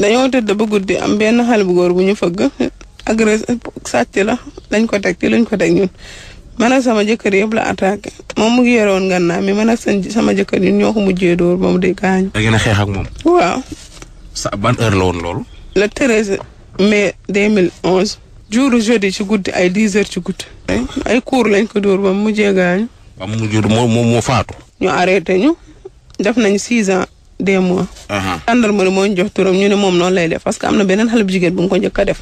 dañoo tëdd ba guddi am benn xale bu góor bu ñu fëgg agressé sàcc la lañ ko teg ci luñ ko teg ñun man ak sama jëkkër yëpp la attaqué moom mu ngi yore woon gànnaam mi man ak sama jëkkër ñun ñoo ko mujjee dóor ba mu dee gaañ. da a xeex ak moom. waaw. sa ban heure la woon loolu. le treize mai deux mille onze. jour jeudi ci guddi ay dix heures ci guddi. ay cours lañ ko dóor ba mu mujjee gaañ. ba mu mujjee moo moo faatu. ñu arrêté ñu def nañ six ans. deux mois. Uh-huh. gendarmerie moo ñu jox turam ñu ne moom noonu lay def parce que am na beneen xale bu jigéen bu ko njëkk a def.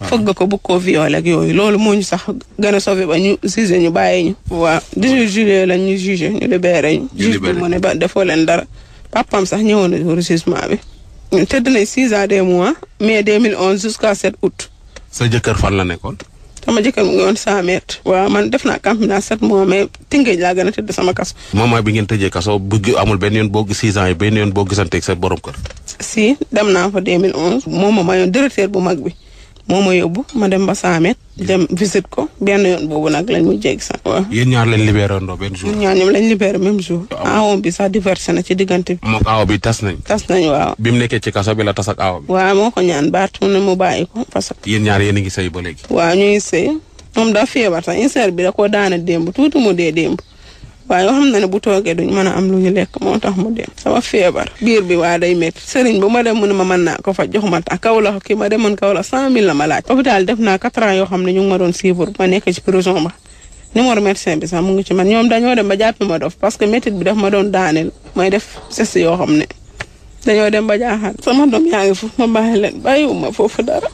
Uh-huh. fëgg ko bu ko violé yooyu loolu moo ñu sax gën a sauvé ba ñu jugé ñu bàyyi ñu. waaw 18 juillet lañ ñu jugé ñu libéré ñu. ne ba defoo leen dara. papaam sax ñëwoon na recensement bi. ñun tëdd nañ 6 ans 2 mois mais mai 2011 jusqu'à 7 août. sa jëkkër fan la nekkoon. sama jëkkër mu ngi woon cent mètres waaw man def naa campement sept mois mais tëngéej laa gën a tëdd sama kaso moment bi ngeen tëjee kaso bëgg amul benn yoon boo gis six ans yi benn yoon boo gisanteeg sa borom kër si dem naa fa 2011 moom ma mayoon directeur bu mag bi moo ma yóbbu ma dem ba Saamet dem visite ko benn yoon boobu nag lañ mu jéggi sax waaw. yéen ñaar lañ libéré woon benn jour. ñaar ñoom lañ libéré même jour. Ah aawam bi sax na ci diggante bi. moom bi tas nañ. tas nañ waaw. bi mu nekkee ci kaso bi la tas ak aaw bi. waaw moo ko ñaan baat mu ne mu ko parce que. yéen ñaar yéen a ngi sëy ba léegi. waaw ñu ngi sëy moom daa feebar sax insert ko da koo daana démb tuuti mu dee démb. waaye xam na ne bu toogee duñ mën a am lu ñu lekk moo tax mu dem sama feebar biir bi waa day métti sëriñ bu ma dem ma mën naa ko fa jox ma ta kaw la ki ma demoon kaw la cent mille la ma laaj hôpital def naa quatre ans yoo xam ne ñu ngi ma doon suivre ma nekk ci prison ba numéro médecin bi sax mu ngi ci man ñoom dañoo dem ba jàppi ma dof parce que métit bi daf ma doon daaneel may def sess yoo xam ne dañoo dem ba jaaxal sama doom yaa ngi foofu ma bàyyi leen bàyyiwuma foofu dara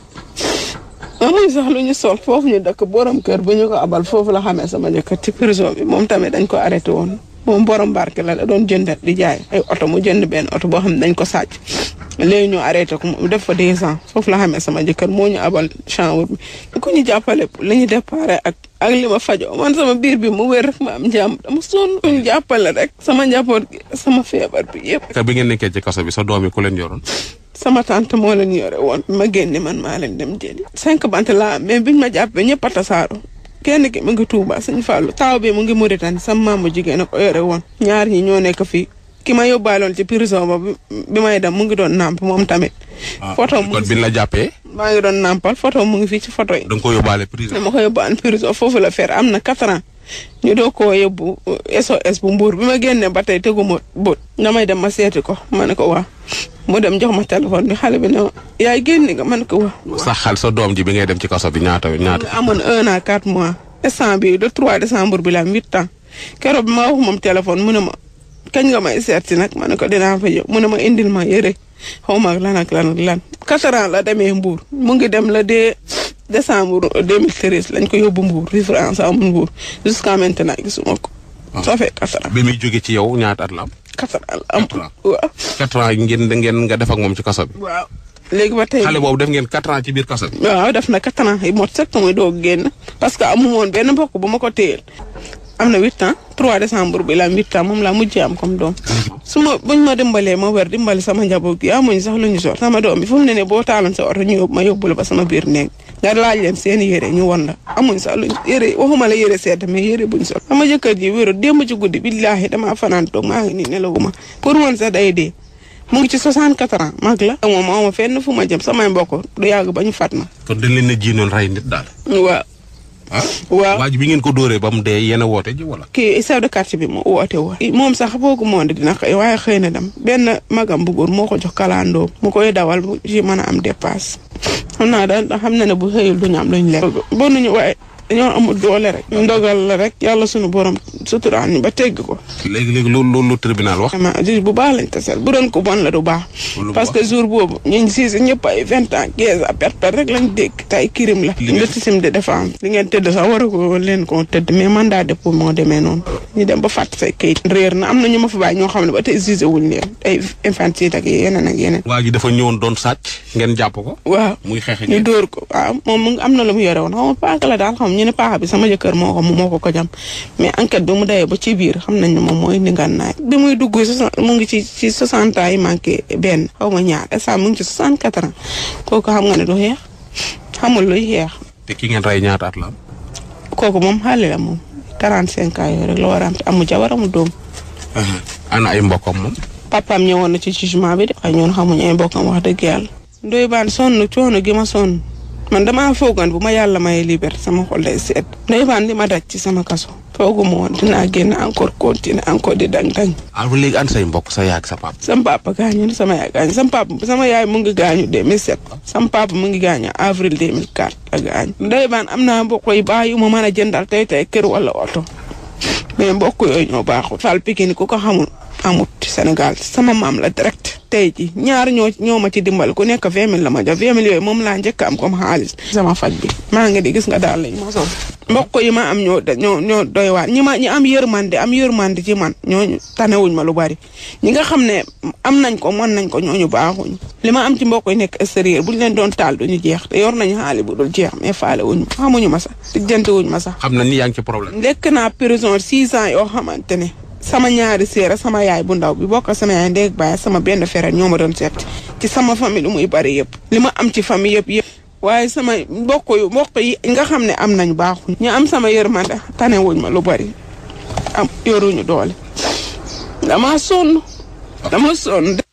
amuñ sax lu ñu sol foofu ñu dëkk borom kër bu ñu ko abal foofu la xamee sama jëkkër ci prison bi moom tamit dañ ko arrêté woon moom borom barke la doon jëndat di jaay oto mu jënd benn oto boo xam ne dañ ko sàcc léegi ñu arrêté ko moom def fa deux ans foofu la xamee sama jëkkër moo ñu abal chambre bi ku ñu jàppale la ñu déparé ak ak li ma fajoo man sama biir bi mu wér rek ma am jàmm dama sonn ku ñu jàppale rek sama njaboot gi sama feebar bi yëpp. bi ngeen nekkee ci kaso bi sa doom yi ku leen yoroon. sama tant moo leen yore woon ma génne man maa leen dem jëli cinq bant laa mais biñ ma jàppee ñëpp a tasaaroo kenn ki mu ngi Touba suñu fàllu taaw bi mu ngi Mauritanie sama maamu jigéen a ko yore woon ñaar ñi ñoo nekk fii ki ma yóbbaaloon ci prison ba bi may dem mu ngi doon nàmp moom tamit. Ah, photo mu kon la jàppee. maa ngi doon nàmpal photo mu ngi fii ci photo yi. da nga ko yóbbaale prison. dama ko yóbbaale foofu la fer am na quatrant ans ñu doo ko yóbbu SOS eh, bu mbuur bi ma génne ba tey tegu ma bët damay dem ma seeti ko ma ne ko wa mu dem jox ma téléphone bi xale bi ne yaay génn nga man ko wax. sax xal sa doom ji bi ngay dem ci kaso bi ñaata ñaata. amoon un an quatre mois. instant bi le 3 décembre bi la am huit ma moom téléphone mu ne ma kañ nga may seet si nag ma ne ko dinaa fa jóg ma indil ma yére xaw ma lan ak lan quatre la demee Mbour mu ngi dem la dee. décembre 2013 lañ ko yóbbu Mbour référence amul Mbour jusqu'à maintenant gisuma ko. Ah. ça fait quatre ans. bi muy jóge ci yow ñaata at la quatre ans am quatre ans ngeen ngeen nga def moom ci kaso bi. waaw léegi ba tey xale boobu def ngeen quatre ans ci biir kaso bi. waaw def na quatre ans yi mot sëkk muy doog génn parce que amu woon benn mbokk bu ma ko téyeel. am na huit ans trois décembre bi la huit ans moom laa mujjee am comme doom. su ma buñ ma dimbalee ma wér dimbali sama njaboot ya amuñ sax lu ñu sor sama doom bi fu mu ne ne boo taaloon oto ñu yóbbu ma yóbbu la ba sama biir néeg. nga laaj leen seeni yére ñu won la amuñ sax luñ yére waxuma yére sedd mais yére buñ sol sama jëkkër ji wéeru démb ci guddi billaahi damaa fanaan toog maa ngi nii nelawuma pour woon sax day dee mu ngi ci 64 ans mag la. moom moom fenn fu ma jëm samay mbokk du yàgg ba ñu fat ma. kon dañ leen a jiinoon rey nit daal. waaw. Ah? waaw waaj bi ngeen ko dóoree ba mu dee yéen woote ji wala. kii chef de quartier bi moo woote i moom sax boogu moo di dina xëy waaye xëy na dem benn magam bu góor moo ko jox kalandoo mu koy dawal mu ci mën a am dépasse. xam naa daal xam na ne bu xëyul du ñu am luñ lekk. bon nañu waaye. dañoo amul doole rek. ndogal la rek yàlla sunu borom suturaan ñu ba tegg ko. léegi léegi loolu tribunal wax. bu baax lañ tasal bu doon ko bon la du baax. parce que jour boobu ñu siise ñëpp ay vingt ans quinze à perte perte rek lañ dégg. tay kirim la. a ñu dem ba ma fa xam ne ba tey juge wuñ leen ak yeneen ak yeneen. waa ji dafa doon sàcc ngeen jàpp ko. waaw ñu dóor ko waaw am na lu mu yore woon xam nga paaka la daal xam xam ñu bi sama jëkkër moo ko moo ko ko jam mais enquête bi mu dayee ba ci biir xam nañ moom mooy ndingaan naay bi muy dugg mu ngi ci ci 60 ans yi benn xaw ma ñaar instant mu ngi ci 64 ans kooku xam nga ne du xeex la luy te ki ngeen rey ñaata at la am. kooku moom xale la moom 45 ans yooyu rek war a am te amu jabar amu doom. Uh-huh. ana ay mbokkam moom. papaam ñëwoon na ci jugement bi de. waaye ñun xamuñ i mbokkam wax dëgg yàlla. Ndoye Bane sonn coono gi ma man damaa foogoon bu ma yàlla may liberté sama xol day seet ndeysaan li ma daj ci sama kaso foogu ma woon dinaa génn encore continuer encore di dang-dang. ah ba léegi say mbokk sa yaay ak sama papa gaañu na sama yaay sama papa sama yaay mu ngi gaañu 2007. sama papa mu ngi gaañu avril 2004 am na mbokk yi ba yu ma mën a jëndal tey tey kër wala oto mais mbokk yooyu ñoo baaxul. Fall Pikine ko xamul amut Sénégal sama maam la direct. tey ji ñaar ñoo ñoo ma ci dimbal ku nekk vingt mille la ma jox vingt mille yooyu moom laa njëkk am comme xaalis sama faj bi maa ngi di gis nga daal lañ ma sol yi ma am ñoo ñoo ñoo doy waar ñi ma ñi am yërmande am yërmande ji man ñooñu wuñ ma lu bari ñi nga xam ne am nañ ko mën nañ ko ñooñu baaxuñ li ma am ci mbokk yi nekk extérieur buñ leen doon taal duñu jeex te yor nañu xaalis bu dul jeex mais faale wuñ ma xamuñu ma sax te jënte wuñ ma sax. xam na ni yaa ci problème. lekk naa prison six ans yoo xamante ne sama ñaari séer sama yaay bu ndaw bi bokk sama yaay ndey ak baay sama benn frère ñoo ma doon seet ci sama famille muy bari yëpp li ma am ci famille yëpp yëpp waaye sama mbokk yu mbokk nga xam ne am nañ baaxuñ ñu am sama yërmande tane wuñ ma lu bari am yoruñu doole dama sonn dama sonn